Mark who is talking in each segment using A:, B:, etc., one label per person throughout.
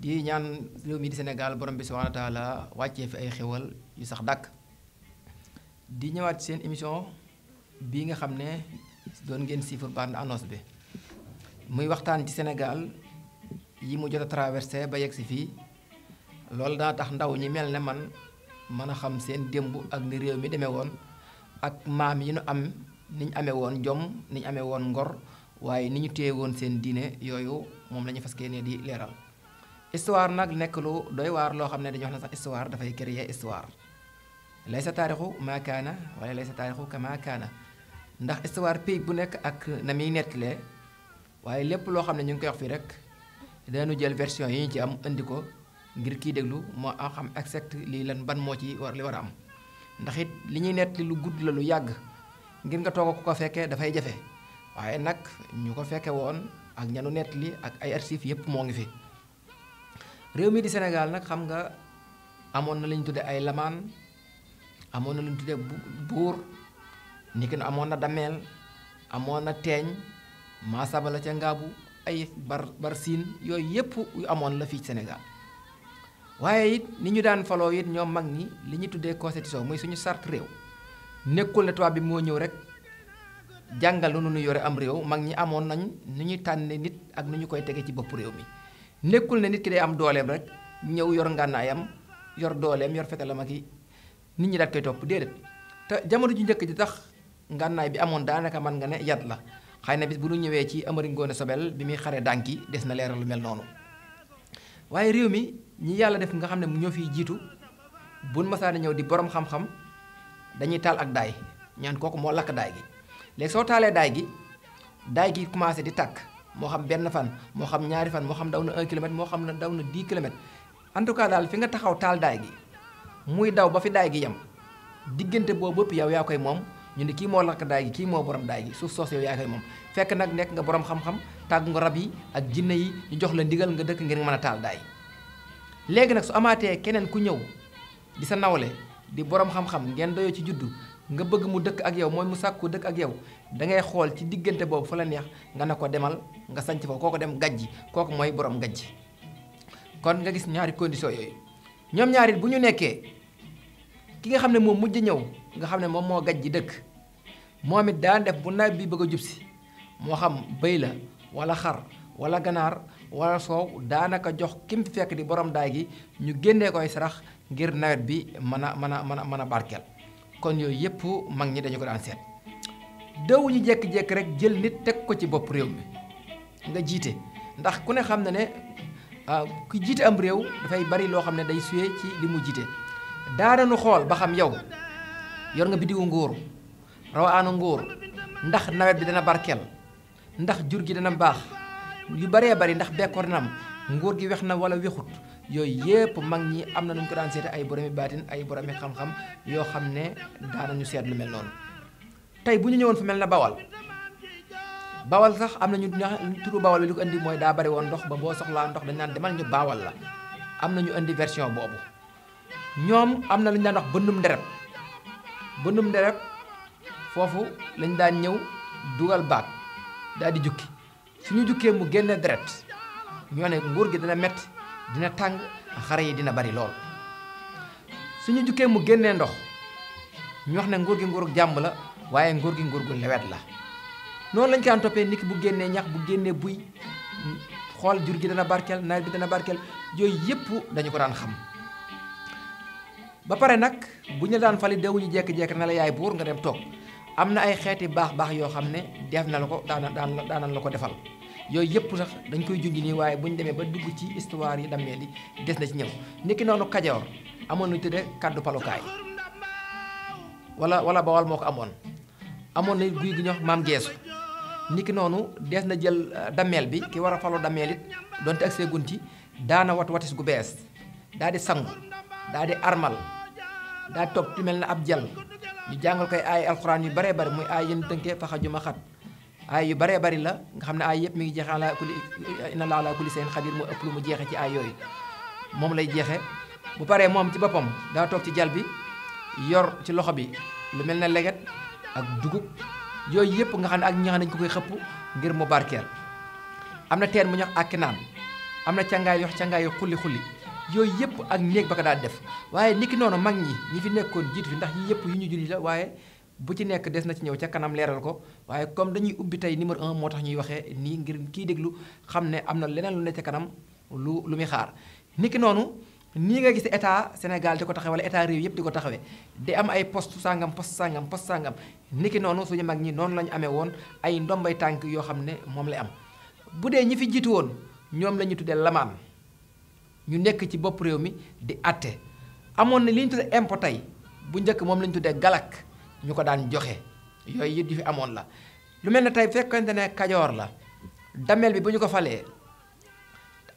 A: di ñaan réew mi di Sénégal borom bi subhanahu wa taala wàccee fi ay xewal yu sax dàkk di ñëwaat seen émission bi nga xam ne doon ngeen sifur bande annonce bi muy waxtaan ci Sénégal yi mu jot a traversé ba yegg si fii loolu daa tax ndaw ñi mel ne man mën a xam seen démb ak ni réew mi demee woon ak maam yi nu am niñ amee woon jom niñ amee woon ngor waaye ni ñu téye woon seen diine yooyu moom la ñu fas di leeral histoire nag nekk lu doy waar loo xam ne dañuy wax ne sax histoire dafay créer histoire laysa taarixu maa kaana wala laysa taarixu kama kaana ndax histoire pays bu nekk ak na muy nettalee waaye lépp loo xam ne ñu ngi koy wax fii rek dañu jël version yi ñu ci am indi ko ngir kii déglu moo am xam exact lii lan ban moo ci war li war a am ndax it li ñuy nettali lu gudd la lu yàgg ngir nga toog ko ko fekkee dafay jafe waaye nag ñu ko fekke woon ak ñanu nettali ak ay archives yëpp moo ngi fi. réew mi di Sénégal nag xam nga amoon na lañ tudde ay lamaan amoon na lañ tudde buur niki na amoon na dameel amoon na teeñ maasabala ca ngaabu ay bar bar siin yooyu yépp yu amoon la fii Sénégal waaye it ni ñu daan faloo it ñoom mag ni li ñu tuddee constitution muy suñu sart réew nekkul ne tubaab bi moo ñëw rek jàngal nu nu yore am réew mag ñi amoon nañ nu ñuy tànne nit ak nu ñu koy tege ci bopp réew mi nekul ne nit ki day am dooleem rek ñëw yor ngànnaayam yor yor fetalam ak yi nit ñi daal koy topp déedéet te jamono ju njëkk ji tax ngànnaay bi amoon daanaka man nga ne yat la xëy na bis bu ñu ñëwee ci Amari Ngoone Sobel bi muy xare dànki des na leeral lu mel noonu waaye réew mi ñi yàlla def nga xam ne ñoo fiy jiitu buñ ñëw di borom xam-xam dañuy taal ak daay ñaan kooku moo lakk daay gi léegi soo taalee daay gi daay gi commencé di tàkk moo xam benn fan moo xam ñaari fan moo xam daw na 1 moo xam na daw na 10 kilomètres en cas daal fi nga taxaw taal daay gi muy daw ba fi daay gi yem diggante boobu bëpp yow yaa koy moom ñu ne kii moo lakk daay gi kii moo borom daay gi suuf soos yow yaa koy moom fekk nag nekk nga borom xam-xam tàggu nga rab yi ak jinne yi ñu jox la ndigal nga dëkk ngeen mën a taal daay léegi nag su amaatee keneen ku ñëw di sa nawle di borom xam-xam ngeen doyoo ci juddu nga bëgg mu dëkk ak yow mooy mu sàkku dëkk ak yow da ngay xool ci diggante boobu fa la neex nga ne ko demal nga sanc fa kooko dem gajji kooku mooy borom gajj kon nga gis ñaari condition yooyu ñoom ñaari bu ñu nekkee ki nga xam ne moom mujj ñëw nga xam ne moom moo gajji dëkk moom daan def bu nawet bi bëgg a jub si moo xam bëy la wala xar wala ganaar wala soow daanaka jox kim fekk di borom daay gi ñu génnee koy sarax ngir nawet bi mana mana mana a mën kon yooyu yëpp mag ñi dañu ko daan seet daw ñu jékki-jékki rek jël nit teg ko ci bopp réew mi nga jiite ndax ku ne xam na ne ah, ki jiite am réew dafay bari loo xam ne day suyee ci li mu jiite daara nu xool ba xam yow yor nga bidiwu nguur rawaanu nguur ndax nawet bi dana barkeel ndax jur gi dana baax yu baree bari ndax bekkoor na nguur gi wex na wala wexut yooyu yépp mag ñi am na nu ñu ko daan seete ay boromi baatin ay boromi xam-xam yoo xam ne ñu seet lu mel noonu tey bu ñu ñëwoon fu mel na bawal bawal sax am na ñu turu bawal bi lu ko indi mooy daa bari woon ndox ba boo soxlaa ndox dañ naan demal ñu bawal la am na ñu indi version boobu ñoom am na lu ñu daan wax bëndum ndereb bëndum ndereb foofu lañ daan ñëw dugal baat daal di jukki suñu jukkee mu génne deret ñoo ne nguur gi dana metti dina tàng xare yi dina bari lool suñu jukkee mu génnee ndox ñu wax ne nguur gi nguurug jàmb la waaye nguur gi nguur gu lewet la noonu lañ kaan toppee niki bu génnee ñax bu génnee buy xool jur gi dana barkeel nawet bi dana barkeel yooyu yëpp dañu ko daan xam ba pare nag bu ñu daan fali dawuñu jekki-jekki na la yaay buur nga dem toog am na ay xeeti baax baax yoo xam ne def na la ko daan daan daanan la ko defal yoy yep sax dañ koy junj ni waye bu démé ba dugg ci histoire yi damé li dess na ci ñew niki nonu kajoor amoon tudé kaddu palokay wala wala bawal moko amone amone guuy gi ñox mam gesu niki nonu dess na jël euh, damel bi ki wara falo falu it ak see gunti daana wat watis gu bes daadi di daadi armal da top mel na ab jël ñu jangal kay ay alcorane yu bare bare muy ay yeen tënkee fa xajuma xat ay yu baree bari la nga xam ne ay yëpp mi ngi jeexe ala kulli na laa ala kulli seen xadir mu ëpp lu mu jeexe ci ay yooyu moom lay jeexe bu paree moom ci boppam daa toog ci jal bi yor ci loxo bi lu mel ne leget ak dugub yooyu yëpp nga xam ne ak ñi nga xam ko koy xëpp ngir mu barkeel am na teen mu ñuy wax ak naan am na càngaay yox càngaay yu xulli xulli yooyu yëpp ak néeg ba ko daal def waaye niki noonu mag ñi ñi fi nekkoon jiitu fi ndax yii yëpp yu ñu julli la waaye bu ci nekk des na ci ñëw ca kanam leeral ko waaye comme dañuy ubbi tey numéro un moo tax ñuy waxee nii ngir kiy déglu xam ne am na leneen lu ne ca kanam lu lu muy xaar niki noonu nii nga gis état Sénégal di ko taxawee wala état yëpp di ko taxawee di am ay poste sàngam poste sàngam poste sàngam niki noonu suñu mag ñi noonu la ñu amee woon ay ndombay tànk yoo xam ne moom lay am bu dee ñi fi jiitu woon ñoom la ñu tuddee lamaan ñu nekk ci bopp réew mi di atte amoon na li ñu tuddee impôt tey bu njëkk moom la ñu tuddee galak ñu ko daan joxe yooyu yit yu fi amoon la lu mel ne tey fekkante ne kajoor la damel bi bu ñu ko falee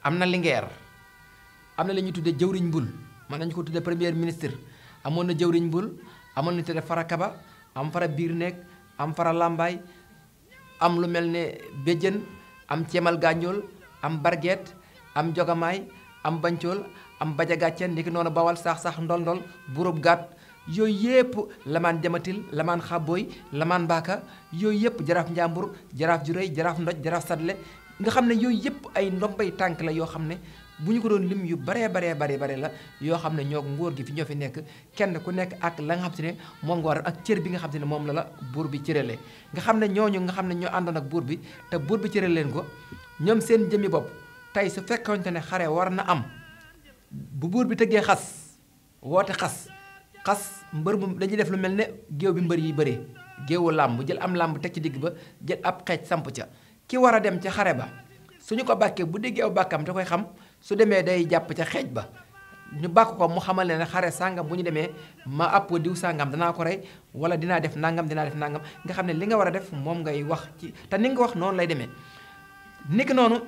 A: am na lingeer am na la ñuy tuddee jëwriñ bul mën nañu ko tuddee premier ministre amoon na jëwriñ bul amoon na tuddee fara kaba am fara biir nekk am fara làmbaay am lu mel ne béjjën am ceemal gànjool am barget am jogamaay am bancool am baja gàcceen ndiki noonu bawal saax saax ndol ndol buróob gàtt yooyu yëpp lamaan jamatil lamaan xàbbooy lamaan mbaaka yooyu yëpp jaraaf njàmbur jaraaf juréy jaraaf ndoj jaraaf sadle nga xam ne yooyu yëpp ay ndombay tànk la yoo xam ne bu ñu ko doon lim yu baree baree bare bare la yoo xam ne ñoo nguur gi fi ñoo fi nekk kenn ku nekk ak la nga xam te ne moom ak cër bi nga xam te ne moom la la buur bi cëralee nga xam ne ñooñu nga xam ne ñoo àndoon ak buur bi te buur bi cëral leen ko ñoom seen jëmmi bopp tey su fekkoonte ne xare war na am bu buur bi tëggee xas woote xas xas mbër mu dañuy def lu mel ne géew bi mbër yi bëree géewu làmb jël am làmb teg ci digg ba jël ab xeej samp ca ki war a dem ca xare ba suñu ko bàkkee bu déggee aw bàkkam da koy xam su demee day jàpp ca xeej ba ñu bàkk ko mu xamal ne xare sàngam bu ñu demee ma àpp diw sàngam danaa ko rey wala dinaa def nangam dinaa def nangam nga xam ne li nga war a def moom ngay wax ci te ni nga ko wax noonu lay demee. niki noonu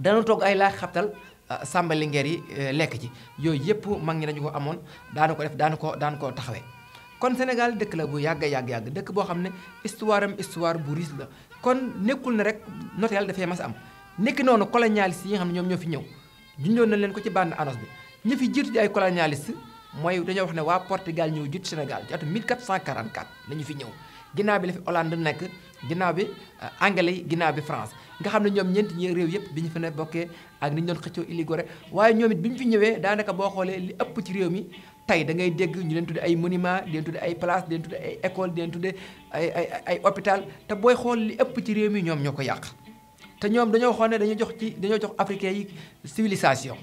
A: dana toog ay laaj xabtal Ah, sàmbali ngeer yi eh, lekk ci yooyu yëpp mag ñi nañu ko amoon daanu ko def daanu ko daanu ko taxawee kon Sénégal dëkk la bu yàgg yàgg yàgg dëkk boo xam ne histoire am bu riche la kon nekkul ne rek noteel dafay mas am nekki noonu colonialiste yi nga xam ne ñoom ñoo fi ñëw junjoon nañ leen ko ci bande annonce bi ñu fi jiitu di ay colonialiste mooy dañoo wax ne waa Portugal ñëw jiitu Sénégal ci atum 1444 la ñu fi ñëw ginnaaw bi la fi Hollande nekk ginnaaw bi euh, anglais yi bi France nga xam ne ñoom ñeent ñi réew yëpp bi ñu fa ne bokkee ak ni ñu doon xëccoo Iligore waaye ñoomit it bi ñu fi ñëwee daanaka boo xoolee li ëpp ci réew mi tey da ngay dégg ñu leen tudde ay monument di leen tudde ay place di leen tudde ay école di leen tudde ay ay te booy xool li ëpp ci réew mi ñoom ñoo ko yàq te ñoom dañoo xool ne dañoo jox ci dañoo jox africain yi civilisation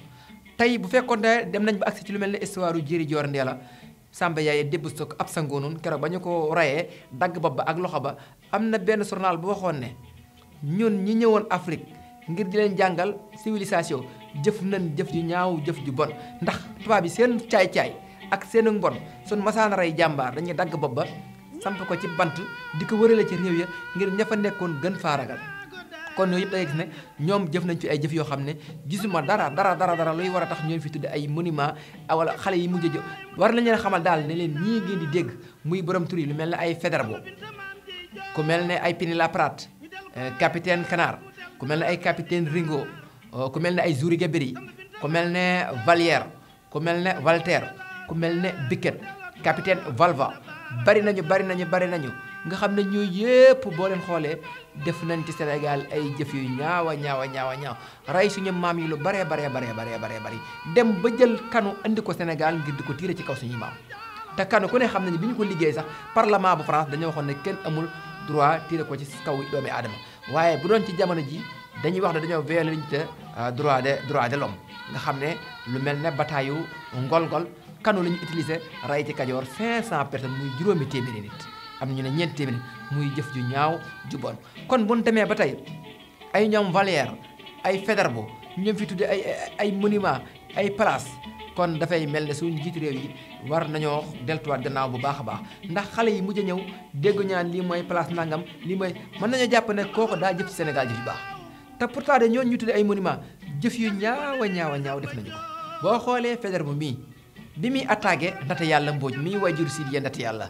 A: tey bu fekkoon ne dem nañ ba lu mel ne histoire yu jëri la Samba yaay débb sok ab sa noonu keroog ba ñu ko reyee dagg bopp ba ak loxo ba am na benn journal bu waxoon ne ñun ñi ñëwoon Afrique ngir di leen jàngal civilisation jëf nañ jëf ju ñaaw jëf ju bon ndax tubaab yi seen caay-caay ak seen mbon sun masaan rey jàmbaar dañuy dagg bopp ba samp ko ci bant di ko la ci réew ya ngir ña fa nekkoon gën faaragal kon yooyu yëpp da ngay gis ne ñoom jëf nañ fi ay jëf yoo xam ne gisuma dara dara dara dara luy war a tax ñoom fi tudd ay monument wala xale yi mujj jëf war nañ leen xamal daal ne leen ñii ngeen di dégg muy borom tur yi lu mel ne ay Faidherbe ku mel ne ay Pinet-Laprade capitaine Canard ku mel ne ay capitaine Ringo ku mel ne ay Zuri Gabiri ku mel ne Valière ku mel ne Voltaire ku mel ne Biquet capitaine Valva bari nañu bari nañu bari nañu nga xam ne ñooy yépp boo leen xoolee def nañ ci Sénégal ay jëf yu ñaawa ñaawa ñaawa ñaaw rey suñu maam yi lu baree baree baree baree baree bari dem ba jël kanu indi ko Sénégal ngir di ko tiire ci kaw suñu maam te kanu ku ne xam nañu bi ñu ko liggéey sax parlement bu France dañoo waxoon ne kenn amul droit tiire ko ci kaw doomi aadama waaye bu doon ci jamono ji dañuy wax ne dañoo violé liñ te euh, droit de droit de l'homme nga xam ne lu mel ne bataayu ngol-ngol kanu la ñu utilisé rey ci Kajoor 500 personnes muy juróomi téeméeri nit am ñu ne ñeenti téeméer muy jëf ju ñaaw ju bon kon bu ñu demee ba tey ay ñoom Valère ay Faidherbe ñoom fi tudde ay ay monument ay place kon dafay mel ne suñu jiitu réew yi war nañoo deltuwaat gannaaw bu baax a baax ndax xale yi mujj ñëw déggu ñaan lii mooy place nangam lii mooy mën nañoo jàpp ne kooku daa jëf ci Sénégal ji yu baax te pourtant de ñooñu ñu tudde ay monument jëf yu ñaaw a ñaaw def nañu ko boo xoolee Faidherbe mii bi muy attaqué Ndaté Yàlla Mbodj mii waajur Sidiya Ndaté Yàlla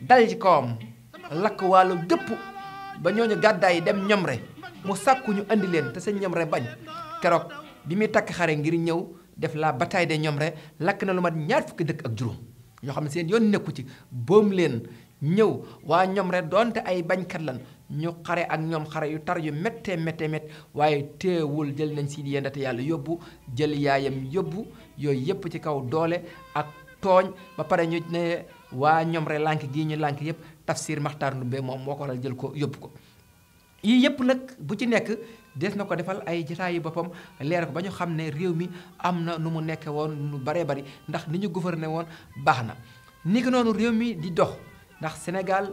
A: dal ci kawam lakk wàllu gépp ba ñoo ñooñu gàddaay yi dem ñomre mu sàkku ñu andi leen te seen ñomre bañ keroog bi muy takk xare ngir ñëw def la bataille de ñomre lakk na lu mat ñaar fukki dëkk ak juróom ñoo xam ne seen yoon nekku ci boom leen ñëw waa ñomre doonte ay bañkat lan ñu xare ak ñoom xare yu tar yu méttee méttee mét waaye teewul jël nañ si yéen ndate yàlla yóbbu jël yaayam yóbbu yooyu yëpp ci kaw doole ak tooñ ba pare ñu ne waa ñoom rek lànk gii ñu lànk yëpp tafsir maxtaar ndumbe moom moo ko waral jël ko yóbbu ko yii yëpp nag bu ci nekk des na ko defal ay jotaayu boppam leer ko ba ñu xam ne réew mi am na nu mu nekke woon nu baree bari ndax ni ñu gouverné woon baax na ni ki noonu réew mi di dox ndax Sénégal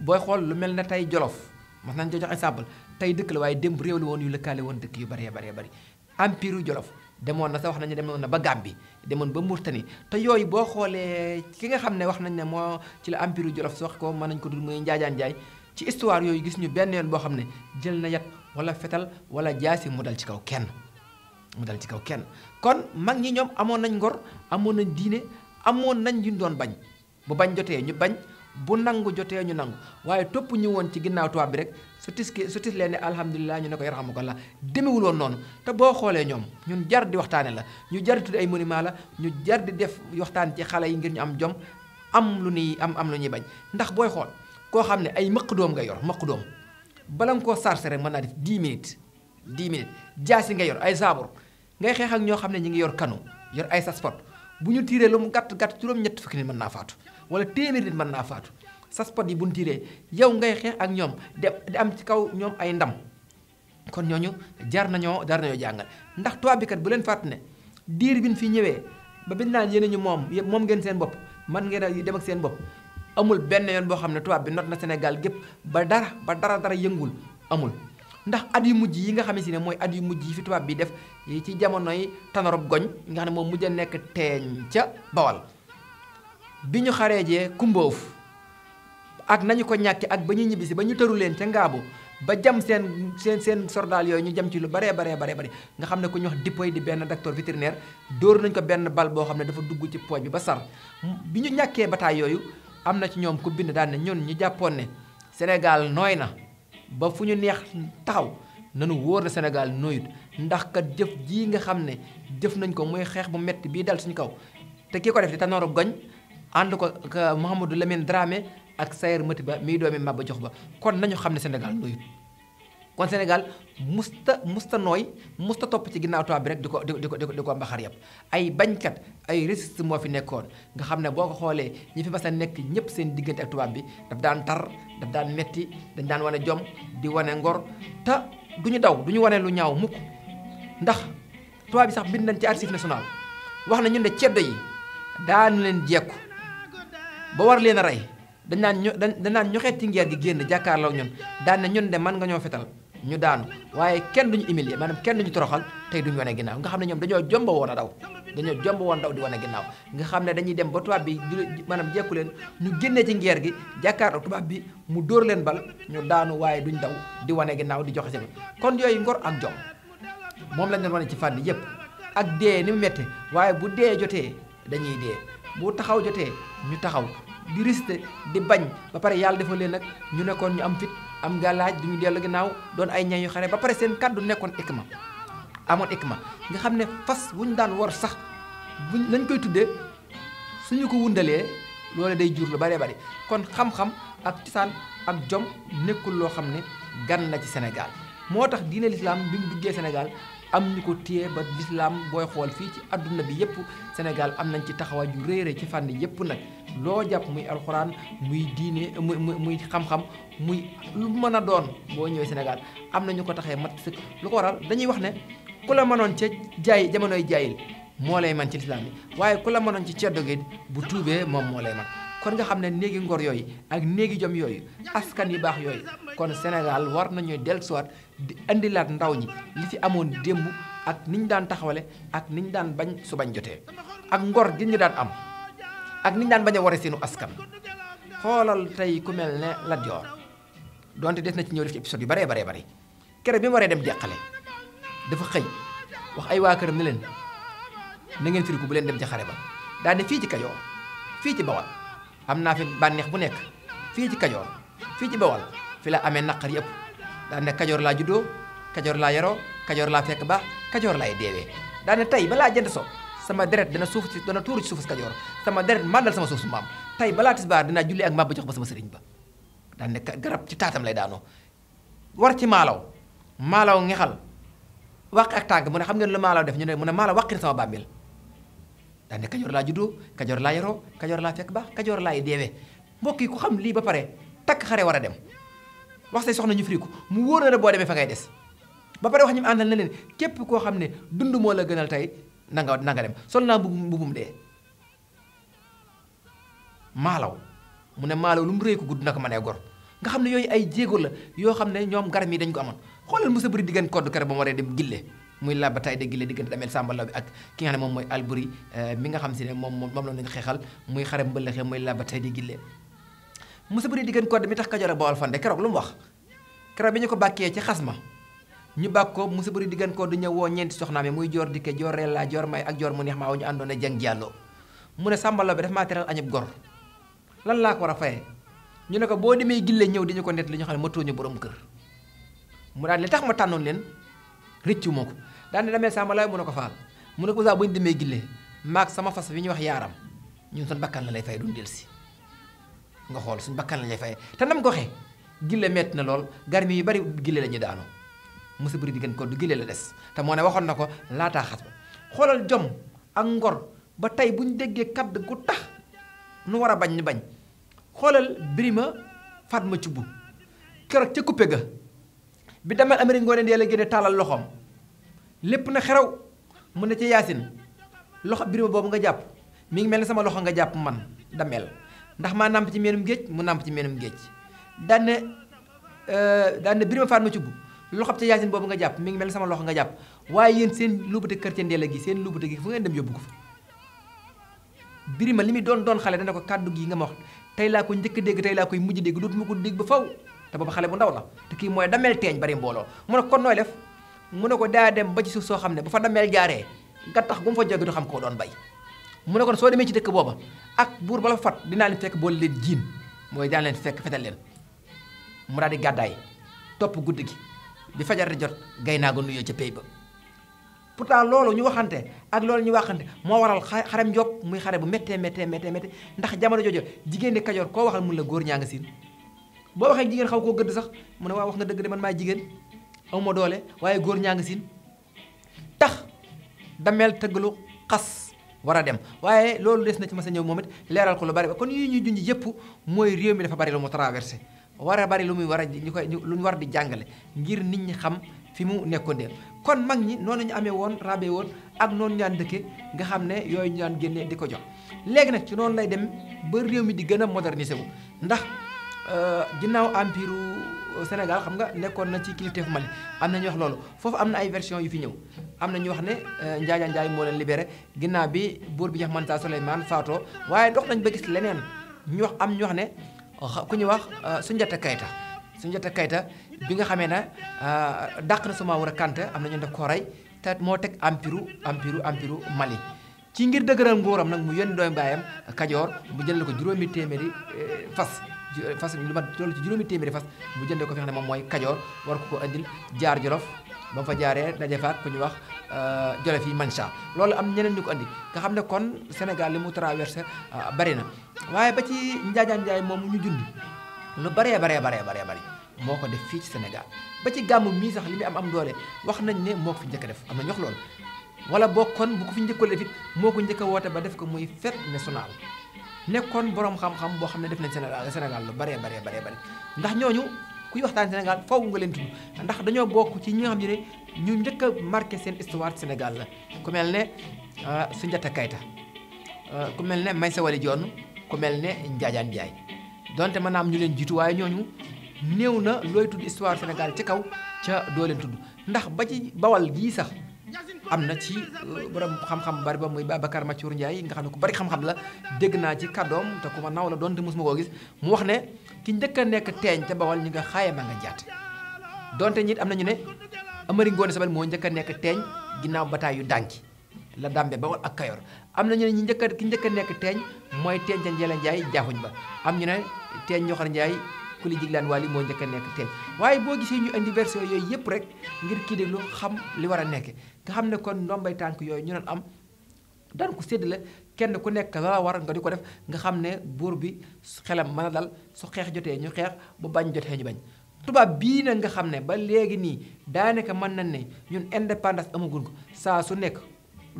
A: booy xool lu mel ne tey Jolof mas nañ jox exemple tey dëkk la waaye démb réew la woon yu lëkkaale woon dëkk yu baree baree bari empire Jolof demoon na sa wax nañu demoon na ba bi demoon ba Murtani te yooyu boo xoolee ki nga xam ne wax nañ ne moo ci la empire Jolof sox ko mën nañ ko dul muy Njaajaan Njaay ci histoire yooyu gis ñu benn yoon boo xam ne jël na yat wala fetal wala jaasi mu dal ci kaw kenn mu dal ci kaw kenn kon mag ñi ñoom amoon nañ ngor amoon nañ diine amoon nañ ñu doon bañ bu bañ jotee ñu bañ bu nangu jotee ñu nangu waaye topp ñu woon ci ginnaaw tubaab bi rek su tiski su tis leen ne alhamdulilah ñu ne ko yarhamukallah demewul woon noonu te boo xoolee ñoom ñun jar di waxtaane la ñu jar di tudd ay monument la ñu jar di def waxtaan ci xale yi ngir ñu am jom am lu ñuy am am lu ñuy bañ ndax booy xool koo xam ne ay mëq doom nga yor mëq doom bala nga koo sarse rek mën naa def 10 minutes 10 minutes jaasi nga yor ay saabur ngay xeex ak ñoo xam ne ñu ngi yor kanu yor ay saspot bu ñu tiiree lu mu gàtt gàtt juróom fukki nit mën naa faatu wala téeméer nit mën naa faatu sas pot yi buntire yow ngay xex ak ñom di am ci kaw ñom ay ndam kon ñoñu jar nañu jar nañu jangal ndax toa bi kat bu len fatne dir biñ fi ñewé ba biñ naan yeneñu mom. mom mom ngeen seen bop man ngeen dem ak seen bop amul benn yoon boo xam ne tubaab bi not na sénégal gépp ba dara ba dara dara yëngul amul ndax at yu mujj yi nga xamante ne mooy at yu mujj yi fi tubaab bi def ci yi tanorob goñ nga xam ne moom mujj nekk teeñ ca bawal bi ñu xareejee ak nañu ko ñàkke ak ba ñu ñibbisi ba ñu tëru leen ca ngaabu ba jam seen seen seen sordaal yooyu ñu jam ci lu baree baree baree bari nga xam ne ku ñu wax dippoy di benn docteur vétérinaire dóor nañ ko benn bal boo xam ne dafa dugg ci pooj bi ba sar bi ñu ñàkkee bataay yooyu am na ci ñoom ku bind daan ne ñun ñu jàppoon ne Sénégal nooy na ba fu ñu neex taxaw nanu wóor na Sénégal nooyut ndax kat jëf jii nga xam ne jëf nañ ko muy xeex bu metti bii dal suñu kaw te kii ko def di Tanor Goñ ànd ko euh, Mouhamadou Lamine Dramé ak Sayer Mati Ba mii doomi Maba jox ba kon nañu xam ne senegal doyut kon Sénégal musta musta nooy musta topp ci ginnaaw tubaab bi rek di ko di ko di ko mbaxar yëpp ay bañkat ay résiste moo fi nekkoon nga xam ne boo ko xoolee ñi fi ba a nekk ñëpp seen diggante ak tubaab bi daf daan tar daf daan metti dañ daan wane jom di wane ngor te du ñu daw du ñu wanee lu ñaaw mukk ndax tubaab bi sax bind nañ ci archives nationales wax na ñun de ceddo yi daanu leen jekku ba war leen a rey dañ naan ñu dañ naan ñoxeeti ngeer gi génn jàkkaarloo ñun daan ñun de man nga ñoo fetal ñu daanu waaye kenn duñu humilier maanaam kenn duñu toroxal tey duñu wane ginnaaw nga xam ne ñoom dañoo jomba woon daw dañoo jomba woon daw di wane ginnaaw nga xam ne dañuy dem ba tubaab bi maanaam jekku leen ñu génnee ci ngeer gi jàkkaarloo tubaab bi mu dóor leen bal ñu daanu waaye duñ daw di wane ginnaaw di joxe seen kon yooyu ngor ak jom moom lañ leen wane ci fànn yëpp ak dee ni mu métti waaye bu dee jotee dañuy dee bu taxaw jotee ñu taxaw di résister di bañ ba pare yàlla defal leen nag ñu nekkoon ñu am fit am gàllaaj ñu dellu ginnaaw doon ay ñay yu xare ba pare seen kàddu nekkoon ikma amoon ikma nga xam ne fas wuñ daan war sax buñ lañ koy tuddee suñu ko wundalee loolu day jur lu bare bare kon xam-xam ak cosaan ak jom nekkul loo xam ne gan la ci Sénégal moo tax diine lislaam bi mu duggee Sénégal am ñu ko téye ba lislaam booy xool fii ci àdduna bi yëpp Sénégal am nañ ci taxawaay ju réere ci fànn yëpp nag loo jàpp muy alxuraan muy diine muy muy xam-xam muy lu mën a doon boo ñëwee Sénégal am na ñu ko taxee mat sëkk lu ko waral dañuy wax ne ku la mënoon ca jaay jamonoy jaayil moo lay man ci lislaam bi waaye ku la mënoon ci ceddo gi bu tuubee moom moo lay man kon nga xamne negi ngor yoy ak negi jom yoy askan yi bax yoy kon senegal war del dellusiwaat andi lat ndaw ñi li ci amone démb ak niñ daan taxawale ak niñ daan bañ su bañ jotee ak ngor gi ñu daan am ak niñ daan bañ waré askan xolal tay ku melne ne la dior donte def na ci ñew def ci episode yu bare bare bare kere bi mo waré dem jéxalé dafa xey wax ay waa ne leen na ngeen firiku bu leen dem ca ba daa ne fii ci kayo fii ci bawal am naa fi bànneex bu nekk fii ci kajoor fii ci bawal fii la amee naqar yëpp daan ne kajoor laa juddoo kajoor laa yaroo kajoor laa fekk ba kajoor laay deewee daan ne tey balaa jënd so sama deret dana suuf si dana tuur ci suuf si kajoor sama deret màndal sama suuf su maam tey balaa tisbaar dinaa julli ak maam ba jox ba sama sëriñ ba daan ne garab ci taatam lay daanoo war ci maalaw maalaw ngexal wàq ak tànk mu ne xam ngeen lu maalaw def ñu ne mu ne maalaw wàqi na dande kajor la juddoo kajor la yoro kajor la fek ba kajor la deewee mbokki yi ku xam li ba pare tak xare wara dem wax say soxna ñu friku mu wóor na la boo fa ngay des ba pare wax ñu hamne na len kep ko xamne ne dund la gënal tay nanga nanga dem sol naa bu mbubum dee malaw mu ne malaw lu mu yo ko gudd na ko mënee gor nga xamne yoy ay jéego la yo xamne ñom garmi dañ ko xolal mu sa ba mo dem gille muy la bataille de Guilé diggante Damel Samba Law bi ak ki nga xam ne moom mooy Albury eh, mi nga xam si ne moom moom la ñu xeexal muy xare mbëllëxe muy la bataille de Guilé Moussa Buri diggante ko mi tax Kajoor ak Bawol Fandé keroog lu mu wax keroog bi ñu ko bàkkee ci xas ma ñu bàkk ko Moussa Buri diggante koo du ñëw woo ñeenti soxnaam yi muy joor dikke joor reelaa joor may ak joor mu neex maa wu ñu àndoon a jàng jàlloo mu ne Samba Law bi dafa maa lan laa ko war a fayee ñu ne ko boo demee Guilé ñëw di ñu ko nett li ñu xam ne ma tooñu borom kër mu daal li tax ma tànnoon leen rëccu moko dan daane sama lay mu nako ko mu nako sa buñ gilé mak sama fas bi wax yaram ñu suñ bakkan la lay fay duñ si nga xol suñ bakkan la lay fay te nam ko xee gille na lol garmi yu bari gilé la daano musa bari di gën ko du gilé la dess te mo né waxon nako jom ak ngor ba tay buñ déggé kaddu gu tax nu wara bañ ni bañ xolal birima Fatma ci coupé ga bi demal Amérique ngoone ndeela génne tàllal loxoom lépp na xeraw mu ne ca yaasin loxo birima boobu nga jàpp mi ngi mel ni sama loxo nga jàpp man dameel ndax maa nàmp ci meenum géej mu nàmp ci meenum géej daan ne euh, daan ne birima faat ma cubb loxob ca yaasin nga jàpp mi ngi mel ni sama loxo nga jàpp waaye yéen seen luubate kër ca ndeela gi seen luubate gi fu ngeen dem yóbbu ko fa birima li muy doon doon xale dana ko kàddu gi nga ma wax tey laa ko njëkk dégg tey laa koy mujj dégg dootuma ko dégg ba faw te boobu xale bu ndaw la te kii mooy dameel teeñ bari mbooloo mu ne kon nooy def mu ne ko daa dem ba ci suuf soo xam ne bu fa dameel jaaree gattax gu mu fa jóge du xam koo doon bay mu ne kon soo demee ci dëkk booba ak buur bala fat dinaa leen fekk boole leen jiin mooy daan leen fekk fetal leen mu daal di gàddaay topp guddi gi bi fajar di jot gay naa ko nuyoo ca pay ba pourtant loolu ñu waxante ak loolu ñu waxante moo waral xarem Njoop muy xare bu méttee méttee méttee méttee ndax jamono jooju jigéen ñi Kajoor koo waxal mun la góor ñaa nga siin boo waxee jigéen xaw koo gëdd sax mu ne waaw wax nga dëgg de man maay jigéen awma doole waaye góor ñaa ngi siin tax dameel tëgg lu xas war a dem waaye loolu des na ci ma sa ñëw moom it leeral ko lu bari ba kon yi ñuy junj yëpp mooy réew mi dafa bari lu mu traversé war a bari lu muy war a ñu koy lu ñu war di jàngale ngir nit ñi xam fi mu nekkoon de kon mag ñi noonu ñu amee woon rabe woon ak noonu ñu daan dëkkee nga xam ne yooyu ñu daan génnee di ko jot léegi nag ci noonu lay dem ba réew mi di gën a modernisé wu ndax Euh, ginnaaw empire euh, Sénégal xam nga nekkoon na ci kilifteef Mali am na ñu wax loolu foofu am na ay version yu fi ñëw am na ñu wax ne Njaajaan euh, Njaay moo leen libéré ginnaaw bi buur bi ñu wax Mansa Souleymane faatoo waaye dox nañ ba gis leneen ñu wax am ñu wax ne ku ñu wax Sunjata Kayta Sunjata Kayta bi nga xamee ne dàq na Soumaoro Kanta am na ñu def ko rey te moo teg empire empire empire Mali ci ngir dëgëral nguuram nag mu yónni doomu baayam Kajoor mu jëlal ko Eh, fas lu mat loolu ci juróomi téeméeri fas bu jëndee ko fi nga xam ne moom mooy kajoor war ko ko andil jaar jolof ba fa jaaree daje faak ku ñu wax euh, jolof yi mancha loolu am ñeneen ñu ko andi nga xam ne kon Sénégal li mu traversé euh, bari na waaye ba ci njaajaan njaay moom ñu jundi lu baree baree baree baree bari moo ko def fii ci Sénégal ba ci gàmmu mii sax li muy am am doole wax nañ ne moo ko fi njëkk def am nañ wax loolu wala bokkoon bu ko fi njëkkoon def it moo ko njëkk woote ba def ko muy fête national nekkoon boroom xam-xam boo xam ne def nañ Sénégal Sénégal lu baree bare baree bare ndax ñooñu kuy waxtaan Sénégal foogu nga leen tudd ndax dañoo bokk ci ñi nga xam ne ñu njëkk a marqué seen histoire Sénégal la ku mel ne euh, Sunjata Kayta euh, ku mel ne Maysa Wali Joon ku mel ne Njaajaan Njaay donte maanaam ñu leen jiitu waaye ñooñu néew na looy tudd histoire Sénégal ci kaw ca doo leen tudd ndax ba ci bawal gii sax am na ci euh, borom xam-xam bari ba muy Babacar Mathiour Ndiaye nga xam ne ko bari xam-xam la dégg naa ci kaddoom te ku ma naw la doon te mosuma koo gis mu wax ne ki njëkk a nekk teeñ te ñi nga xaayama nga jaat donte ñit am nañu ne Amari Ngoone Sabel moo njëkk a nekk teeñ ginnaaw bataay yu dànki la dàmbe bawal ak kayoor am nañu ne ñu njëkk ki njëkk a nekk teeñ mooy teeñ ca Njeela Njaay jaaxuñ ba am ñu ne teeñ ñoxar Njaay ku li jiglaan waa li moo njëkk a nekk tey waaye boo gisee ñu indi version yooyu yëpp rek ngir kii lu xam li war a nekke nga xam ne kon ndombay tànk yooyu ñu doon am daan ko séddale kenn ku nekk la war nga di ko def nga xam ne buur bi xelam mën a dal su xeex jotee ñu xeex bu bañ jotee ñu bañ tubaab bii nag nga xam ne ba léegi nii daanaka mën nañ ne ñun indépendance amagul ko saa su nekk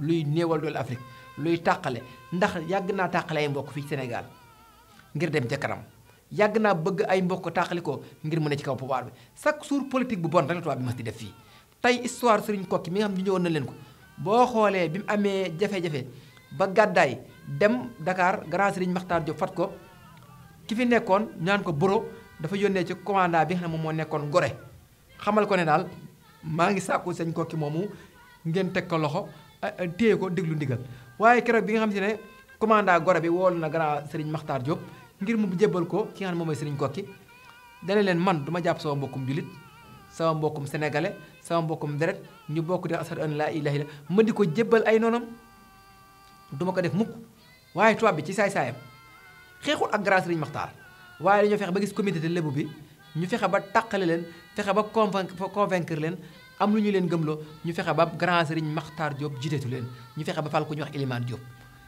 A: luy néewal doole Afrique luy tàqale ndax yàgg naa tàqale mbokk fii Sénégal ngir dem ca yàgg naa bëgg ay mbokk taaxali ko ngir mu ne ci kaw pouvoir bi chaque jour politique bu bon rek la tubaab bi mas di def fii tey histoire Serigne Kokki mi nga xam ñu ñëwoon ko boo xoolee bi amee jafe ba gàddaay dem Dakar grand Serigne Makhtar Diop fat ko ki fi nekkoon ñaan ko boro dafa yónnee ci commandant bi nga xam ne moom moo nekkoon gore xamal ko ne daal maa ngi sàkku Serigne Kokki moomu ngeen teg ko loxo téye ko déglu ndigal waaye keroog bi nga xam si ne commandant Gorée bi woolu na grand Serigne Makhtar Diop. ngir mu jébbal ko ki nga xam ne moom mooy Serigne Kokki dana leen man du ma jàpp sama mbokkum julit sama mbokkum sénégalais sama mbokkum deret ñu bokk di asar an laa ma di ko jébbal ay noonam duma ko def mukk waaye tubaab bi ci saay-saayam xeexul ak grand Serigne Maxtaar waaye dañoo fexe ba gis comité de lébu bi ñu fexe ba taqale leen fexe ba convaincre leen am lu ñu leen gëmloo ñu fexe ba grand Serigne Maxtaar Diop jiiteetu leen ñu fexe ba fal ku ñu wax Elimane Diop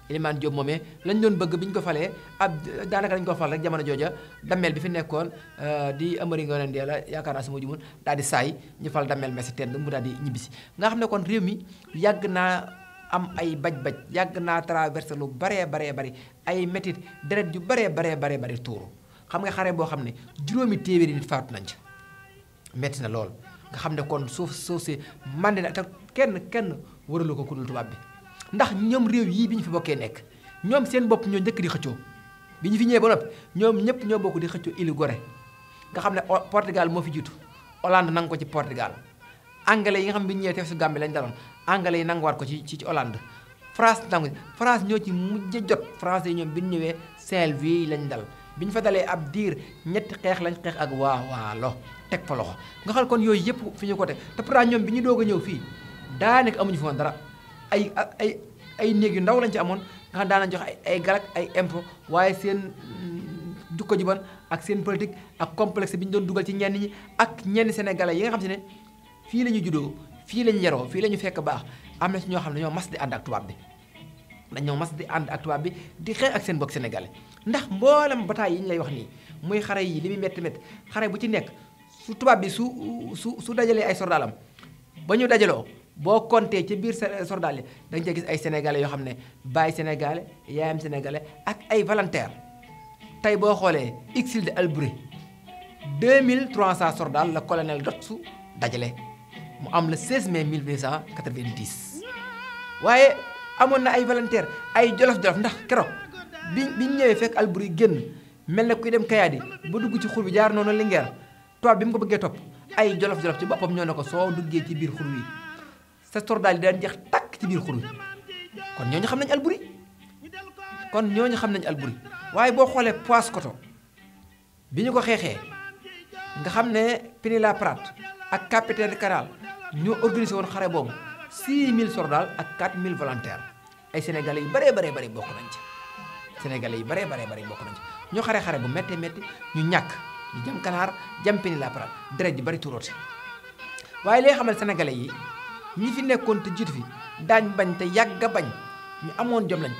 A: Elimane Diop moomee lañ doon bëgg bi ñu ko falee ab daanaka dañ ko fal rek jamono jooja dammel bi fi nekkoon euh, di Amari dee la yaakaar naa su ma jumoon daa di saay ñu fal dammel mais si teen mu daal di ñibbisi nga xam ne kon réew mi yàgg naa am ay baj-baj yàgg naa traversé lu baree baree bari ay métit deret yu baree baree bare bari tuuru xam nga xare boo xam ne juróomi téeméeri nit faatu nañ ci métti na lool nga xam ne kon suuf suuf si màndi kenn kenn waralu ko kudul tubaab bi ndax ñoom réew yii bi ñu fi bokkee nekk ñoom seen bopp ñoo njëkk di xëccoo bi ñu fi ñëwee ba noppi ñoom ñëpp ñoo bokk di xëccoo Île gore nga xam ne portigal moo fi jiitu Hollande nangu ko ci portigal anglais yi nga xam ne bi ñu ñëwee tefesu Gambie lañ daloon anglais yi nanguwaat ko ci ci Hollande France nangu France ñoo ci mujj jot français ñoom bi ñu ñëwee Saint-Louis lañ dal bi ñu fa dalee ab diir ñetti xeex lañ xeex ak waa waalo teg fa loxo nga xam kon yooyu yëpp fi ñu ko teg te pourtant ñoom bi ñu doog a ñëw fii daanaka amuñu fa dara ay ay ay néeg yu ndaw lañ ci amoon nga xam daanañ jox ay garak ay impôt waaye seen mm, jukko ju bon ak seen politique ak complexe bi ñu doon dugal ci ñenn ñi ak ñenn sénégalais yi nga xam si ne fii la ñu juddoo fii la ñu yaroo fii la ñu fekk baax am na si ñoo xam ne ñoo mas di ànd ak tubaab bi dañoo mas di ànd ak tubaab bi di xeex ak seen bokk sénégalais ndax mboolem bataay yi ñu lay wax nii muy xare yi li muy métti métti xare bu ci nekk su tubaab bi su su su dajalee ay soldaalam ba ñu dajaloo boo compté ci biir soldat yi da nga gis ay sénégalais yoo xam ne bàyyi sénégalais yaayam sénégalais ak ay volontaires tey boo xoolee exil de Albury 2300 soldats la colonel Dotsu dajale mu am le 16 mai 1890 waaye amoon na ay volontaires ay jolof-jolof ndax keroog bi bi ñëwee fekk Albury génn mel na kuy dem Kayaadi bu dugg ci xur bi jaar noonu lingeer toit bi mu ko bëggee topp ay jolof-jolof ci boppam ñoo ne ko soo duggee ci biir xur wi. sa tor dal daan jeex tak ci bir xur kon ñu xam nañ alburi kon ñu xam nañ alburi waye bo xolé poisse koto biñu ko xexé nga xam pini la laprade ak capitaine Caral ñoo organisé won xaré boobu 6000 soldats ak 4000 volontaires ay sénégalais yu bare bare bare bokku nañ ci sénégalais yu bare bare bare bokku nañ ci ñu xaré xaré bu metti metti ñu ñak di jam kanaar jam Pinet-Laprade deret ji bari turooti waaye lay xamal sénégalais yi ñi fi nekkoon te jiit fi daañ bañ te yàgg a bañ ñu amoon jom lañ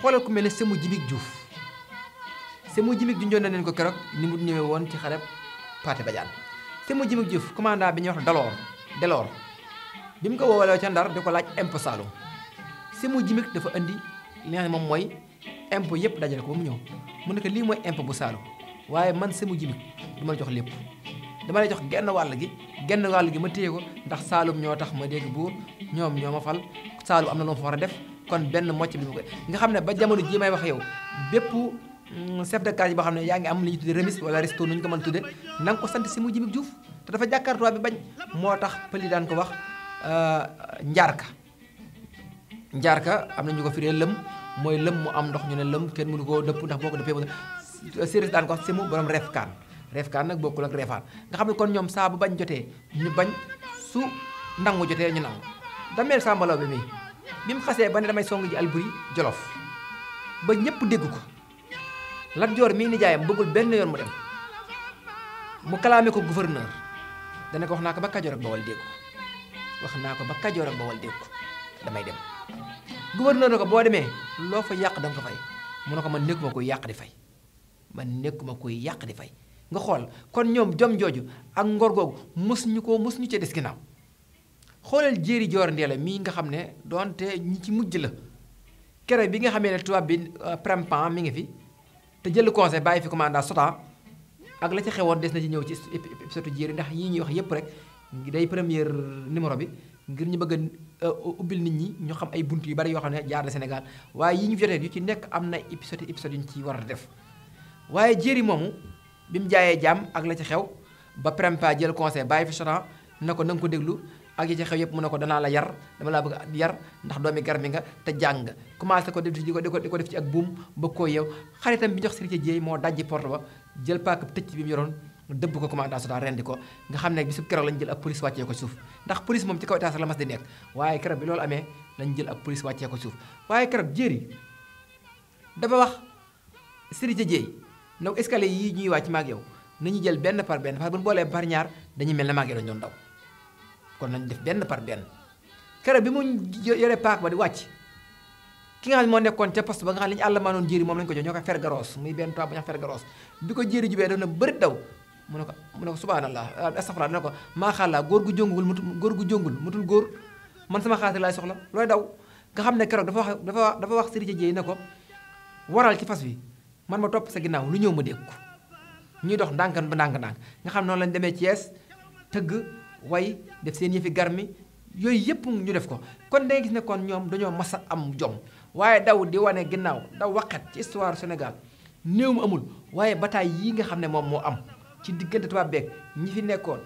A: xoolal ku mel ne Sémou Djimik Diouf Sémou Djimik junjoon na leen ko keroog ni mu ñëwee woon ci xareb Pathé Badiane Sémou Djimik Diouf commandant bi ñu wax Delors Delors bi mu ko woowaloo ca Ndar di ko laaj impôt Saloum Sémou Djimik dafa indi li nga moom mooy impôt yëpp dajale ko ba mu ñëw mu nekk ko lii mooy impôt bu Saloum waaye man Sémou Djimik du jox lépp dama lay jox genn wàll gi genn wàll gi ma téye ko ndax saalum ñoo tax ma dégg buur ñoom ñoo ma fal saalum am na lu ma fa war a def kon benn mocc bi ma koy nga xam ne ba jamono jii may wax yow bépp mm, chef de boo xam ne yaa ngi am li ñuy tudde remise wala resto nu ko mën tudde nga ko sant si mu jibib Juuf te dafa jàkkaartuwaa bi bañ moo tax pëli daan ko wax euh, njaarka njaarka am na ko firee lëm mooy lëm mu am ndox ñu ne lëm kenn mënu koo dëpp ndax boo ko dëppee séeréer daan ko wax simu borom reef kaan reefkaan nag bokkul ak reefaan nga xam ne kon ñoom saa bu bañ jotee ñu bañ su nangu jotee ñu nangu dameel Samba Laobé mi bi mu xasee ba ne damay song ji Alburi Jolof ba ñëpp dégg ko Lat Joor mii nijaayam bëggul benn yoon mu dem mu kalaame ko gouverneur dana ko wax naa ko ba Kajoor ak Bawol dégg wax naa ko ba Kajoor ak Bawol dégg ko damay dem gouverneur na ko boo demee loo fa yàq danga ko fay mu ne ko man nekkuma koy yàq di fay man nekkuma kuy yàq di fay nga xool kon ñoom jom jooju ak ngor googu mos ñu koo mos ñu ca des ginnaaw xoolal jéeri joor ndeela mii nga xam ne donte ñi ci mujj la kere bi nga xamee ne tubaab bi euh, prempant mi ngi fi te jël conseil bàyyi fi commandant Sota ak la ci xewoon des na ci ñëw ci surtout jéeri ndax yii ñuy wax yépp rek day première numéro bi ngir ñu bëgg a euh, ubbil nit ñi ñu xam ay bunt yu bari yoo xam ne jaar na Sénégal waaye yi ñu jotee yu ci nekk am na épisode épisode yu ñu ci war a def bi mu jaayee jàmm ak la ci xew ba prempa jël conseil bàyyi fi Sotan na ko na nga ko déglu ak yi ci xew yëpp mu ne ko danaa la yar dama laa bëgg yar ndax doomi yi nga te jàng nga commencé ko def di ko di ko def ci ak buum bëgg koo yeew xaritam bi jox Serigne Dieye moo dajj porte ba jël paak tëj bi mu yoroon dëbb ko commandant Sotan rendi ko nga xam ne bisub keroog lañ jël ab police wàccee ko suuf ndax police moom ci kaw étage la mas di nekk waaye keroog bi loolu amee lañ ko suuf waaye keroog jéeri dafa wax Serigne Dieye ndaw escalier yi ñuy wàcc maag yow nañu jël benn par benn parce que bu boolee par ñaar dañuy mel ne maag yow lañ daw kon nañ def benn par benn kër bi mu yore paak ba di wàcc ki nga xam moo nekkoon ca poste ba nga xam ne ñu àll maa noon moom lañ ko jox ñoo ko fergaroos muy benn toit bu ñax fergaroos bi ko jéeri jubee daf na bëri daw mu ne ko mu ne ko subhanallah astafra dana ko maaxàllaa góor gu jongul mutul góor gu jongul mutul góor man sama xaalis laay soxla looy daw nga xam ne keroog dafa wax dafa dafa wax Serigne Dieye ne ko waral ci fas bi man ma topp sa ginnaaw lu ñëw ma dégg ko ñuy dox ndànkan ba ndànk-ndànk nga xam noonu lañ demee Thiès tëgg way def seen yëfi garmi yooyu yëpp ñu def ko kon dangay gis ne ñoom dañoo mas a am jom waaye daw di wane ginnaaw daw waqet ci histoire Sénégal néew mu amul waaye bataay yii nga xam ne moom moo am ci diggante tubaab ñi fi nekkoon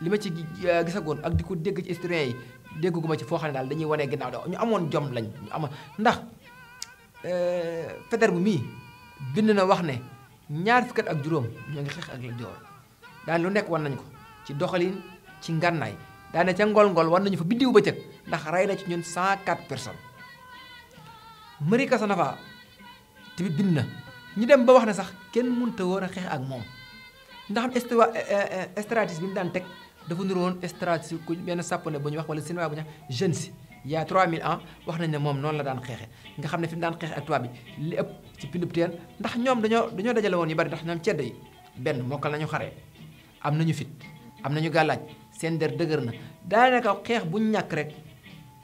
A: li ma ci euh, gisagoon ak di ko dégg ci historien yi dégguma ci foo xam ne daal dañuy wane ginnaaw daw ñu amoon jom lañ ñu amoon ndax euh, Faidherbe bu bind na wax ne ñaar fukkat ak juróom ñoo ngi xeex ak Lat Joor daan lu nekk war nañ ko ci doxalin ci ngànnaay daane ca ngol-ngol war nañu fa ba bëccëg ndax rey na ci ñun cent 104 personnes Mari Kasanava tamit bind na ñu dem ba wax ne sax kenn mënta woon a xeex ak moom ndax eh, eh, eh, stratégie bi mu daan teg dafa nur woon stratégie ku benn sàppone bu ñu wax wala cinéma bu ñu wax jeune si il y a 3000 ans wax nañ ne moom noonu la daan xeexe nga xamne ne fi mu daan xeexe ak toba bi li ëpp ci pindu teen ndax ñom dañu dañu dajale won yu bari ndax ñom cedd yi benn mokkal nañu xare am nañu fit am nañu galaj seen der dëgër na da naka xex bu ñak rek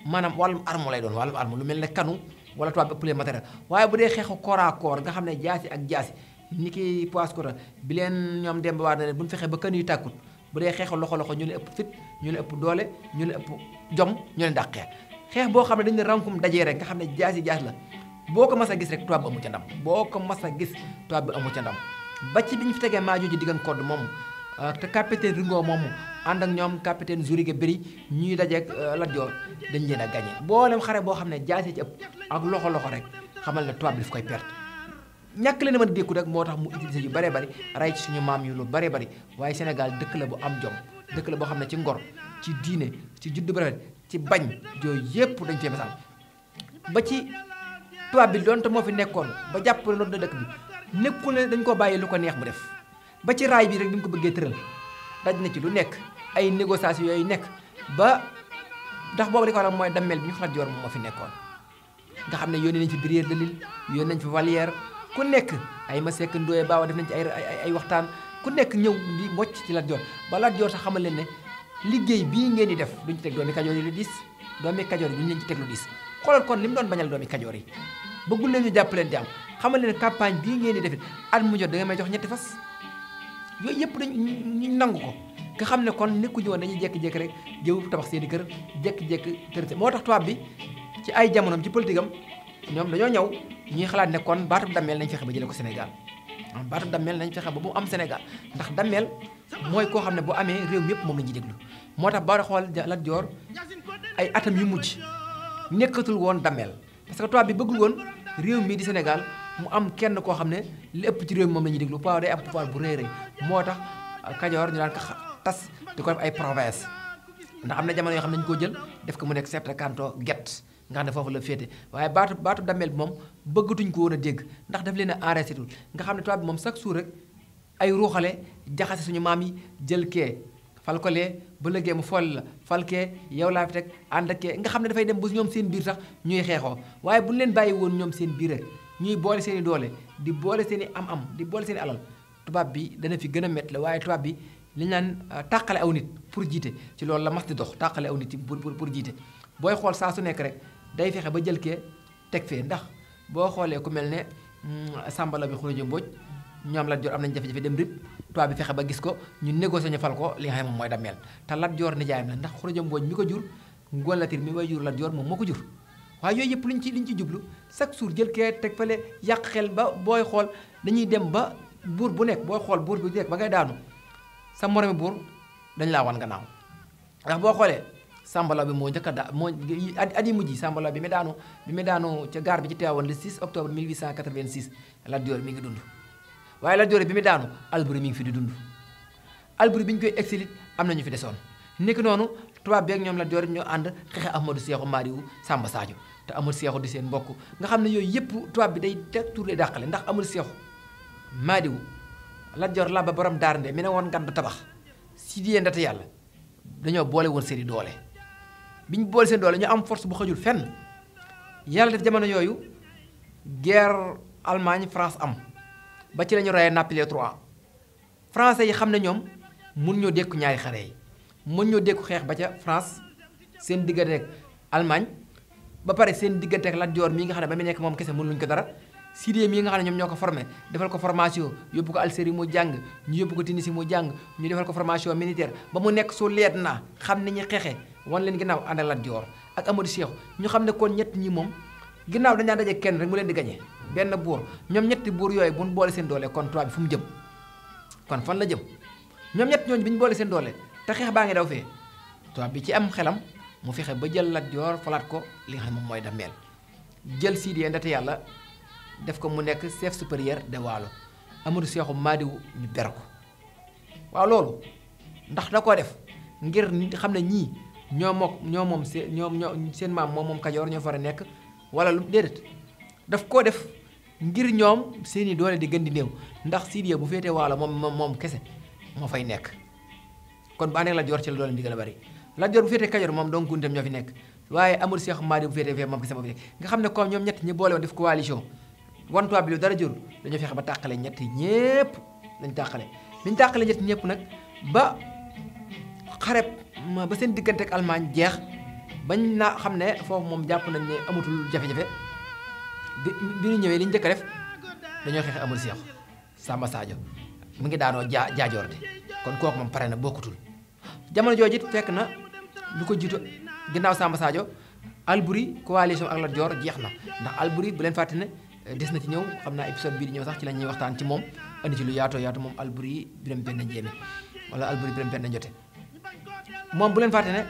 A: manam walum armu lay doon walum armu lu melni kanu wala toba bi ëpp leen matériel waye bu dé xeexu corps à corps nga xamne jaasi ak jaasi niki poas poise kota bi len ñom demb waa na leen bu ñu ba kan yu tàkkut bu dé xeexu loxo loxo ñu leen ëpp fit ñu leen ëpp doole ñu leen ëpp jom ñu leen dàq xeex boo xam ne dañ ne rankum dajee rek nga xam ne jaas yi jaas la boo ko mas a gis rek tubaab bi ca ndam boo ko mas a gis tubaab bi amu ca ndam ba ci bi ñu fi tegee maajo ji diggan kodd moom euh, te capitaine Ringo moomu ànd ak ñoom capitaine Zourigé Biri ñuy dajeek euh, Lat Joor dañ leen a gagné boolem xare boo xam ne jaas yi ci ëpp ak loxo loxo rek xamal ne tubaab bi daf koy perte ñàkk leen a mën dékku rek moo tax mu utilisé yu bare bari rey suñu maam yi lu bare bari waaye Sénégal dëkk la bu am jom dëkk la boo xam ne ci ngor ci diine ci juddu bu ci bañ yooyu yépp dañ cee misaal ba ci tubaab bi doonte moo fi nekkoon ba jàpp ne loolu dëkk bi nekkul ne dañ ko bàyyi lu ko neex bi def ba ci raay bi rek bi mu ko bëggee tëral daj na ci lu nekk ay négociations yooyu nekk ba ndax boobu di ko waral mooy dammel bi ñu xalaat joor moo fi nekkoon nga xam ne yónnee nañ fi Brière de Lille yónnee nañ fi Valière ku nekk ay ma sekk ndooye baawa def nañ ci ay ay waxtaan ku nekk ñëw di mocc ci Lat Joor ba Lat Joor sax leen ne liggéey bii ngeen di def duñ teg doomi kajoor yi lu dis doomi kajoor yi duñ leen ci teg lu dis xoolal kon lim doon bañal doomi kajoor yi bëggul leen ñu jàpp leen jàmm xamal leen campagne bii ngeen di defit at mu jot da nga may jox ñetti fas yooyu yëpp dañ ñu nangu ko nga xam ne kon nekku ñu woon dañuy jékki-jékki rek jëwu tabax seen kër jékki-jékki tërte moo tax tubaab bi ci ay jamonoom ci politique am ñoom dañoo ñëw ñuy xalaat ne kon baatu damel nañ fexe ba jële ko Sénégal baatu damel nañ fexe ba bu am Sénégal ndax damel mooy koo xam ne bu amee réew mi yëpp moom la ñuy déglu moo tax bari xool Lat Joor ay atam yu mujj nekkatul woon dameel parce que tubaab bi bëggul woon réew mi di Sénégal mu am kenn koo xam ne li ëpp ci réew mi moom la ñuy déglu pouvoir day am pouvoir bu rëy rëy moo tax Kajoor ñu daan ko tas di ko def ay province ndax am na jamono yoo xam ne dañu koo jël def ko mu nekk certain canton get nga xam ne foofu la féete waaye baatu baatu dameel bi moom bëggatuñ ko woon a dégg ndax daf leen a enregistré nga xam ne tubaab bi moom chaque jour rek ay ruuxale jaxase suñu maam yi jël kee fal ko lee bu mu foll la fal kee yow laa fi teg ànd ak kee nga xam ne dafay dem ba ñoom seen biir sax ñuy xeexoo waaye bu ñu leen bàyyi woon ñoom seen biir ñuy boole seeni doole di boole seen i am-am di boole seen alal tubaab bi dana fi gën a métti la waaye tubaab bi li ñu naan euh, tàqale aw nit pour jiite ci loolu la mas di dox tàqale aw nit pour pour jiite booy xool saa su nekk rek day fexe ba jël kee teg fee ndax boo xoolee ku mel ne mm, Samba Laobé Khourédia Mbodj ñoom la jor am nañ jafe dem rib tubaab bi fexe ba gis ko ñu négocié ñu fal ko li nga xam ne moom mooy Dameel te Lat Joor nijaayam la ndax Xuraja mi ko jur Ngoon Latiir mi way jur Lat Joor moom moo ko jur waaye yooyu yëpp luñ ci liñ ci jublu chaque jour jël kee teg fale yàq xel ba booy xool dañuy dem ba buur bu nekk booy xool buur bu nekk ba ngay daanu sa moromi buur dañ laa wan gannaaw ndax boo xoolee sambalaw bi moo njëkk a daa moo at yi mujj sambalaw bi mi daanu bi mi daanu ca gaar bi ci teewoon le 6 octobre 1886 mi ngi dund waye la Joor bi mi daanu alburi mi ngi fi di dund Alboury biñ koy exilit am na ñu fi desoon nekk noonu tubaab beeg ñoom Lat Joor ñoo ànd xeexe Amadou Seexu Maariwu Samba Sadio te amul Seexu di seen mbokk nga xamne yoy yep tuba bi day tour tur dakale ndax Amadou Seexu Maariwu la Joor la ba borom daarnde mi ne won ngan du tabax si diyee ndata yàlla dañoo boole won seri doole biñ ñu boole seen doole ñu am force bu xajul fenn yalla def jamono yoyu guerre Allemagne France am ba ci lañu rayé Nampalys 3 français yi xam ne ñoom mun ñoo dékku ñaari xaré yi mën ñu dékku xex ba ca France seen digënté ak Allemagne ba paré seen digënté ak la Dior mi nga xam ba mi nekk kessé kese mënuñ ko dara Syrie mi nga xam ne ñoom ñoo formé defal ko formation yobbu ko Algérie mu jang ñu yobbu ko Tunisie mu jang ñu defal ko formation militaire ba mu nekk so leet na xam ne ñu xeexe wan leen ginnaw andal la Dior ak Amadou Cheikh ñu xam ne kon ñet ñi ginnaw dañ na dajé kenn rek mu leen di gañee benn buur ñoom ñetti buur yooyu buñ boole seen doole kon tubaab bi fu mu jëm kon fan la jëm ñoom ñett ñooñu bi ñu boole seen doole te xeex baa ngi daw fee tubaab bi ci am xelam mu fexe ba jël Lat Joor falaat ko li nga xam moom mooy Dameel jël Sidiye ndate yàlla def ko mu nekk chef supérieur de Waalo Amadou Seexu Maadiwu ñu ber ko waaw loolu ndax da koo def ngir xam ne ñii ñoo mook ñoo moom seen ñoom ñoo seen maam moom moom Kajoor ñoo fa a nekk wala lu déedéet daf koo def ngir ñoom seeni doole di gën di néew ndax Sidiya bu féetee waalo moom moom kese moo fay nekk kon ba nekk Lat Joor ci la doole di gën a bari la Joor bu féetee Kajoor moom donc Kuntam ñoo fi nekk waaye amul Seex Maadi bu moo fi nekk nga xam ne comme ñoom ñett ñi boole woon def coalition wantuwaa bi lu dara jur dañoo fexe ba tàqale ñett ñépp lañ tàqale biñ tàqale ñett ñépp nag ba xareb ba seen diggante ak Almaañ jeex bañ na xam ne foofu moom jàpp nañ ne amatul jafe-jafe bi bi ñu ñëwee li ñu njëkk a def dañoo xeex amul seexu Samba saajo mu ngi daanoo jaa jaajoor de kon kooku moom pare na bokkutul jamono jooju it fekk na lu ko jiitu ginnaaw saajo Sadio Albouri coalition ak la Joor jeex na ndax Albouri bu leen fàtte ne eh, des na ci ñëw xam naa épisode bii di ñëw sax ci la ñuy waxtaan ci moom andi ci lu yaatoo yaatu moom Albouri yi Birame Penda Ndiémé wala Albouri Birame Penda Njote moom bu leen fàtte ne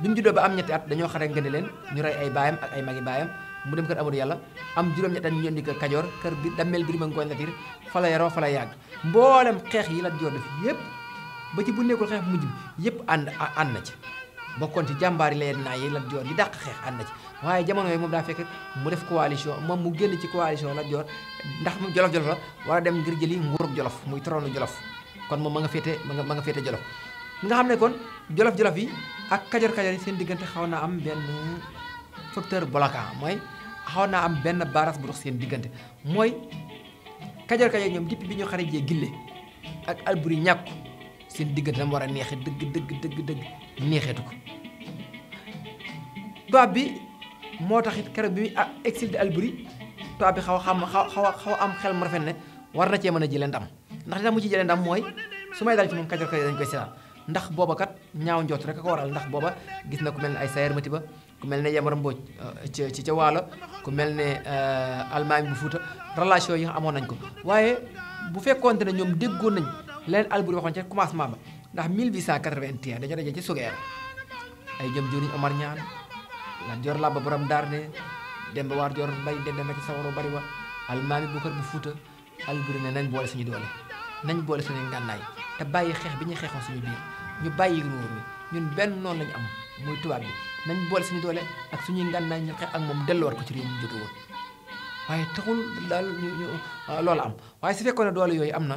A: bi mu juddoo ba am ñetti at dañoo xare ngëne leen ñu rey ay baayam ak ay magi baayam mu dem kër amadou yalla am juróom ñatan ñu ñëndi kër kajoor kër bi damel bi ma la fala fa la yaro fa la yag mbolam xex yi la jor def yépp ba ci bu nekkul xex mujj yépp and an na ci bokon ci jambar leen la yi la jor yi dàq xex ànd na ci waye jamono yi mom da fekk mu def coalition mom mu genn ci coalition la jor ndax mu jolof jolof wala dem ngir jëli nguru jolof muy tronu jolof kon mom ma nga fété ma nga ma jolof nga xam kon jolof jolof yi ak kajor kajoor yi seen digënté xawna am ben facteur bloquant moy xawna am benn baras bu dox seen diggante mooy kajoor kajoor ñoom depuis bi ñu xare jee gille ak alburi ñàkku seen diggante dama war a neexe dëgg dëgg dëgg dëgg neexeetu ko tubaab bi moo it keroog bi muy exil di alburi tubaab bi xaw xam xaw xaw am xel mu rafet ne war na cee mën a jëlee ndam ndax li mu ci jëlee ndam mooy su may dal ci moom kajoor kajoor dañ koy seetaan ndax booba kat ñaaw rek ko waral ndax booba gis na ku mel ay sayer matiba ku mel ne Yamar Mbodj euh, ca ci ca Waalo ku mel ne euh, Almaami bu Fuuta relation yi amoon nañ ko waaye bu fekkoonte nañ ñoom déggoon nañ leen Alboury waxoon ca commencement ba ndax 1881 dañoo daje ci Sugeer ay ñoom jëriñ Omar Ñaan la Joor Làbba borom Daarne Demba Waar Joor Mbay Dende Mbacke Sawaro bari wa Almaami bu Kër bu Fuuta Alboury ne nañ boole suñu doole nañ boole suñu ngànnaay te bàyyi xeex bi ñuy xeexoon suñu biir. ñu bayyi nguur mi ñun benn noonu lañ am muy tubaab bi nañ boole suñu doole ak suñuy ngànnaay ñu xeex ak moom delluwaat ko ci réew mi jóge woon waaye taxul daal ñu ñu ah, loolu am waaye su fekkoon ne doole yooyu am na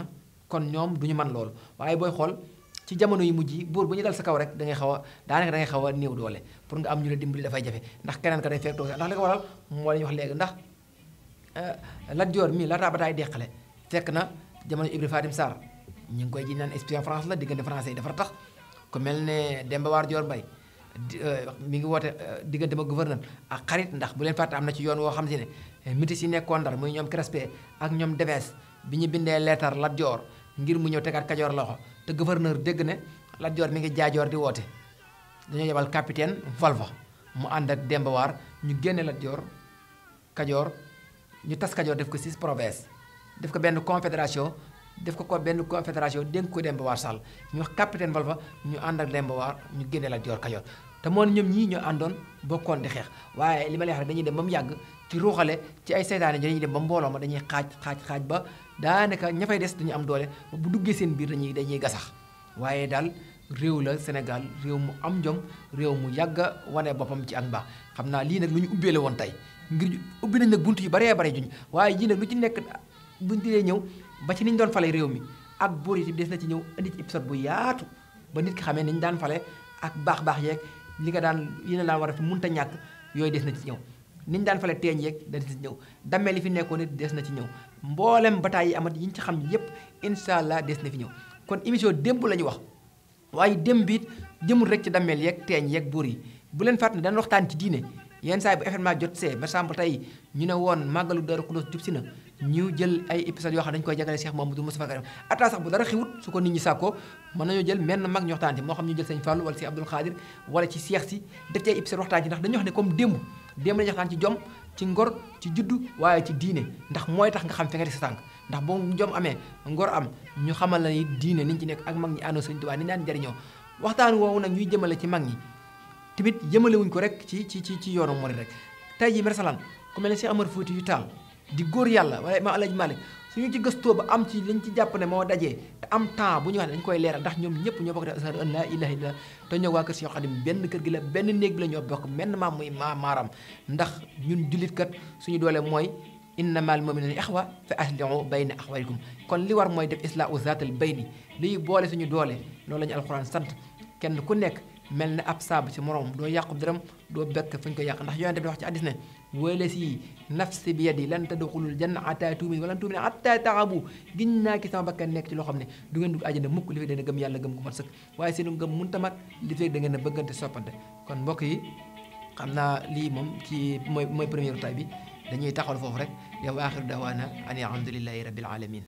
A: kon ñoom duñu man loolu waaye booy xool ci jamono yu mujj buur bu ñu dal sa kaw rek da ngay xaw a daanaka da ngay xaw a néew doole pour nga am ñu la dimbali dafay jafe ndax keneen ka day fekk toog ndax li ko waral moo lañ wax léegi ndax eh, la Joor mi la rabataay deqale fekk na jamono Ibrahima Fatim Sarr ñu ngi koy ji naan espion France la diggante français yi dafa tax ku mel ne dembawaar joor bay Mbaye euh, mu ngi woote euh, diggante ma gouverneur ak xarit ndax bu leen fàtte am na ci yoon woo xam si ne miti si nekkoon Ndar muy ñoom Crespé ak ñoom Deves bi ñu bindee leetar Lat Joor ngir mu ñëw tegaat Kajoor loxo te gouverneur dégg ne Lat Joor mi ngi jaajoor di woote dañu yebal capitaine Volva mu ànd ak Demba ñu génne Lat Joor Kajoor ñu tas Kajoor def ko six provinces def ko benn confédération def ko ko benn confédération dénk ko Demba War Sall ñu wax capitaine Balba ñu ànd ak Demba War ñu génne la Joor Kajoor te moo ñoom ñii ñoo àndoon bokkoon di xeex waaye li ma lay wax dañuy dem ba mu yàgg ci ruuxale ci ay seytaane dañuy dem ba mbooloo dañuy xaaj xaaj xaaj ba daanaka ña fay des dañu am doole bu duggee seen biir dañuy dañuy gasax waaye daal réew la Sénégal réew mu am jom réew mu yàgg wane boppam ci ak mbaax xam naa lii nag lu ñu ubbee la woon tey ngir ubbi nañ nag bunt yi baree bare juñ waaye jii nag lu ci nekk buñ dee ñëw ba ci ñu doon fale réew mi ak buur yi des na ci ñëw indi ci épisode bu yaatu ba nit ki xamee niñ daan fale ak baax baax yeeg li nga daan yi ne daan war a fi munta ñàkk yooyu des na ci ñëw niñ daan fale teeñ yeeg des na ñëw dammee li fi nekkoon nit des na ci ñëw mboolem ba tàyyi amat yi ñu ci xam yépp incha allah des na fi ñëw kon émission démb la ñu wax waaye démb it jëmul rek ci dammeel yeeg teeñ yeeg buur yi bu leen fàttali daan waxtaan ci diine yenn saa yi bu jot see ba tey ñu ne woon màggalu Daaru Xudoos si na ñu jël ay épisode yo xam dañ koy jagale Cheikh Mamadou Moustapha Karim atta sax bu dara xiwut su ko nit ñi sako mën nañu jël menn mag ñu waxtaan xam ñu jël seigne Fallou wala si abdul Khadir wala ci Cheikh ci def ci épisode waxtaan ci ndax dañu wax né comme démb démb lañu waxtaan ci jom ci ngor ci juddu waye ci diiné ndax moy tax nga xam fi nga def sa ndax bo jom amé ngor am ñu xamal la ni diiné niñ ci nek ak mag ñi àndoo seigne touba ni daan jariñoo waxtaan woowu nak ñuy jëmale ci mag ñi timit jëmale wuñ ko rek ci ci ci yoonu murid rek tay ji mersalan ku melni Cheikh amadou Fouti yu tal di góor yàlla wala imaam Alaaji Malick suñu ci gëstoo ba am ci lañ ci jàpp ne moo dajee te am temps bu ñu wax ne dañ koy leeral ndax ñoom ñëpp ñoo bokk de ashadu an waa kër Seex Xaadim benn kër gi la benn néeg bi la ñoo bokk menn maam muy maa ndax ñun jullit kat suñu doole mooy moom innamal mu'minuuna ixwa fa aslihu bayna axwaykum kon li war mooy def islaa islaahu zaatal bayni liy boole suñu doolee loolu la ñu alxuraan sant kenn ku nekk mel ne ab saabu ci moroom doo yàqu dërëm doo bekk fu ñu ko yàq ndax yonente bi wax ci hadiis walasi nafsi bi yadi lan tadxulul janna ataa tuumin wala tuumin ataa taxabu giñ naa ki sama kenn nekk ci loo xam ne du ngeen dugg àjjana mukk li fekk da gëm yàlla ko man sëkk waaye seenu ngëm munta mag li fekk da bëggante soppante kon mbokk yi xam naa lii moom ci mooy mooy première taay bi dañuy taxawal foofu rek yow aaxiru daawaana ani alhamdulillahi rabbil alamin